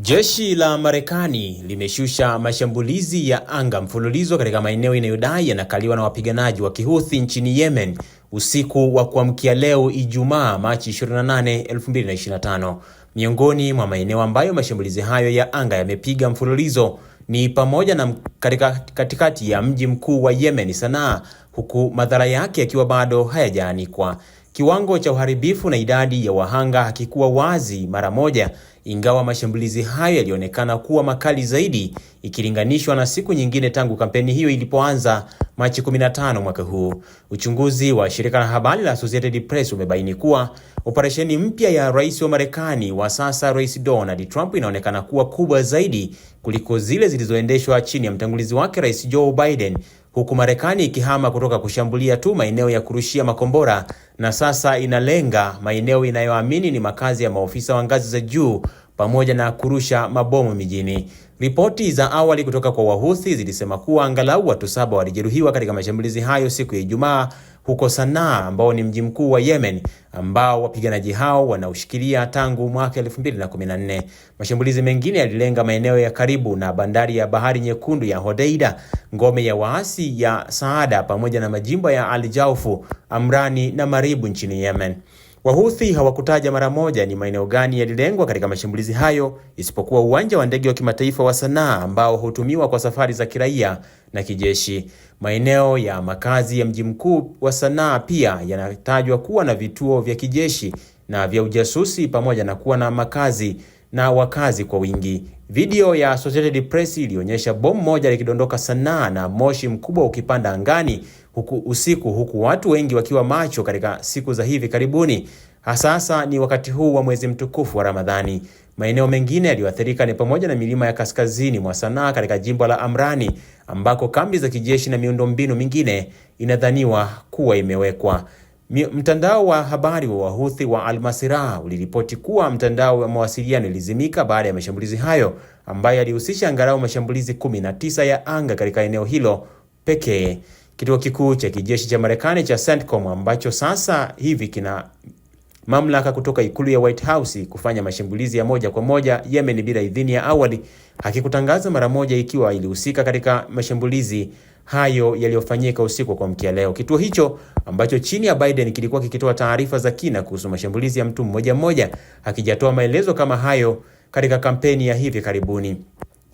Jeshi la Marekani limeshusha mashambulizi ya anga mfululizo katika maeneo inayodai yanakaliwa na wapiganaji wa Kihouthi nchini Yemen usiku wa kuamkia leo Ijumaa, Machi 28, 2025. Miongoni mwa maeneo ambayo mashambulizi hayo ya anga yamepiga mfululizo ni pamoja na katika katikati ya mji mkuu wa Yemen, Sanaa, huku madhara yake yakiwa bado hayajaanikwa. Kiwango cha uharibifu na idadi ya wahanga hakikuwa wazi mara moja, ingawa mashambulizi hayo yalionekana kuwa makali zaidi ikilinganishwa na siku nyingine tangu kampeni hiyo ilipoanza Machi 15 mwaka huu. Uchunguzi wa shirika la habari la Associated Press umebaini kuwa operesheni mpya ya rais wa Marekani wa sasa, Rais Donald Trump, inaonekana kuwa kubwa zaidi kuliko zile zilizoendeshwa chini ya mtangulizi wake Rais Joe Biden huku Marekani ikihama kutoka kushambulia tu maeneo ya kurushia makombora na sasa inalenga maeneo inayoamini ni makazi ya maofisa wa ngazi za juu pamoja na kurusha mabomu mijini. Ripoti za awali kutoka kwa Wahuthi zilisema kuwa angalau watu saba walijeruhiwa katika mashambulizi hayo siku ya Ijumaa huko Sanaa ambao ni mji mkuu wa Yemen ambao wapiganaji hao wanaoshikilia tangu mwaka 2014. Mashambulizi mengine yalilenga maeneo ya karibu na bandari ya Bahari Nyekundu ya Hodeida, ngome ya waasi ya Saada pamoja na majimbo ya Al Jaufu, Amrani na Maribu nchini Yemen. Wahuthi hawakutaja mara moja ni maeneo gani yalilengwa katika mashambulizi hayo, isipokuwa uwanja wa ndege wa kimataifa wa Sanaa ambao hutumiwa kwa safari za kiraia na kijeshi. Maeneo ya makazi ya mji mkuu wa Sanaa pia yanatajwa kuwa na vituo vya kijeshi na vya ujasusi pamoja na kuwa na makazi na wakazi kwa wingi. Video ya Associated Press ilionyesha bomu moja likidondoka Sanaa na moshi mkubwa ukipanda angani huku usiku, huku watu wengi wakiwa macho katika siku za hivi karibuni, hasa ni wakati huu wa mwezi mtukufu wa Ramadhani. Maeneo mengine yaliyoathirika ni pamoja na milima ya kaskazini mwa Sanaa katika jimbo la Amrani ambako kambi za kijeshi na miundombinu mingine inadhaniwa kuwa imewekwa. Mtandao wa habari wa Wahuthi wa al uliripoti kuwa mtandao wa mawasiliano ilizimika baada ya mashambulizi hayo ambayo yalihusisha angalau mashambulizi 19 ya anga katika eneo hilo pekee. Kituo kikuu cha kijeshi cha Marekani cha CENTCOM ambacho sasa hivi kina mamlaka kutoka ikulu ya White House kufanya mashambulizi ya moja kwa moja Yemen bila idhini ya awali hakikutangaza mara moja ikiwa ilihusika katika mashambulizi hayo yaliyofanyika usiku kwa mkia leo. Kituo hicho ambacho chini ya Biden kilikuwa kikitoa taarifa za kina kuhusu mashambulizi ya mtu mmoja mmoja hakijatoa maelezo kama hayo katika kampeni ya hivi karibuni.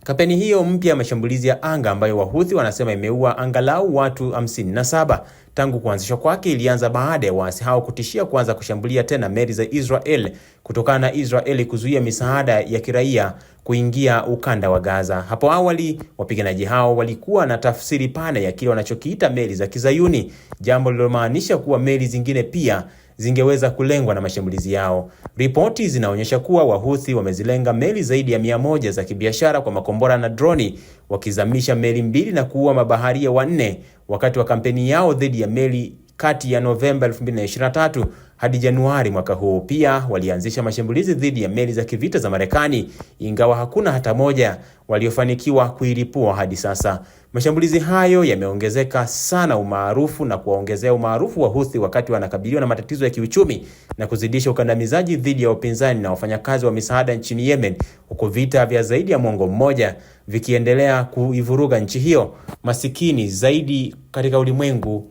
Kampeni hiyo mpya ya mashambulizi ya anga ambayo Wahuthi wanasema imeua angalau watu 57 tangu kuanzishwa kwake ilianza baada ya waasi hao kutishia kuanza kushambulia tena meli za Israel kutokana na israel kuzuia misaada ya kiraia kuingia ukanda wa Gaza. Hapo awali, wapiganaji hao walikuwa na tafsiri pana ya kile wanachokiita meli za Kizayuni, jambo lililomaanisha kuwa meli zingine pia zingeweza kulengwa na mashambulizi yao. Ripoti zinaonyesha kuwa Wahuthi wamezilenga meli zaidi ya mia moja za kibiashara kwa makombora na droni, wakizamisha meli mbili na kuua mabaharia wanne wakati wa kampeni yao dhidi ya meli kati ya Novemba 2023 hadi Januari mwaka huu. Pia walianzisha mashambulizi dhidi ya meli za kivita za Marekani, ingawa hakuna hata moja waliofanikiwa kuilipua hadi sasa. Mashambulizi hayo yameongezeka sana umaarufu na kuwaongezea umaarufu wa Houthi wakati wanakabiliwa na matatizo ya kiuchumi na kuzidisha ukandamizaji dhidi ya upinzani na wafanyakazi wa misaada nchini Yemen, huku vita vya zaidi ya mwongo mmoja vikiendelea kuivuruga nchi hiyo masikini zaidi katika ulimwengu